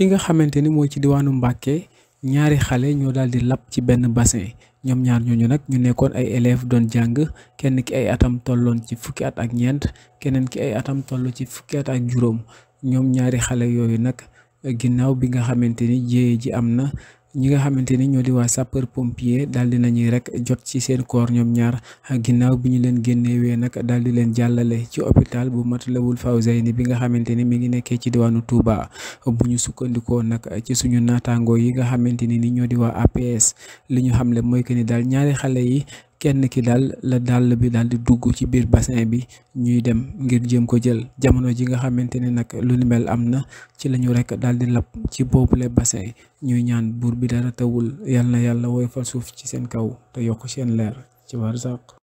fi nga xamante ni mooy ci diwaanu Mbàkke ñaari xale ñoo daal di lab ci benn bassin ñoom ñaar ñooñu nag ñu nekkoon ay élèves doon jàng kenn ki ay atam tolloon ci fukki at ak ñeent keneen ki ay atam toll ci fukki at ak juróom ñoom ñaari xale yooyu nag ginnaaw bi nga xamante ni jéye ji am na ñi nga xamante ni ñoo di waa sapeur pompier daal di rek jot ci seen koor ñoom ñaar ginnaaw bi ñu leen génnewee nag daal di leen jàllale ci hôpital bu Matlaboul Fawzayni bi nga xamante ni mi ngi nekkee ci diwaanu Touba bu ñu sukkandikoo nag ci suñu naataangoo yi nga xamante ni ñoo di waa APS li ñu xam xamle mooy que ni daal ñaari xale yi kenn ki daal la dàll bi dal di dugg ci biir bassin bi ñuy dem ngir jéem ko jël jamono ji nga xamante ne nag lu ni mel am na ci la ñu rek daal di lab ci le bassin ñuy ñaan buur bi dara tawul yal na yàlla woyofal suuf ci seen kaw te yokk seen leer ci barzaq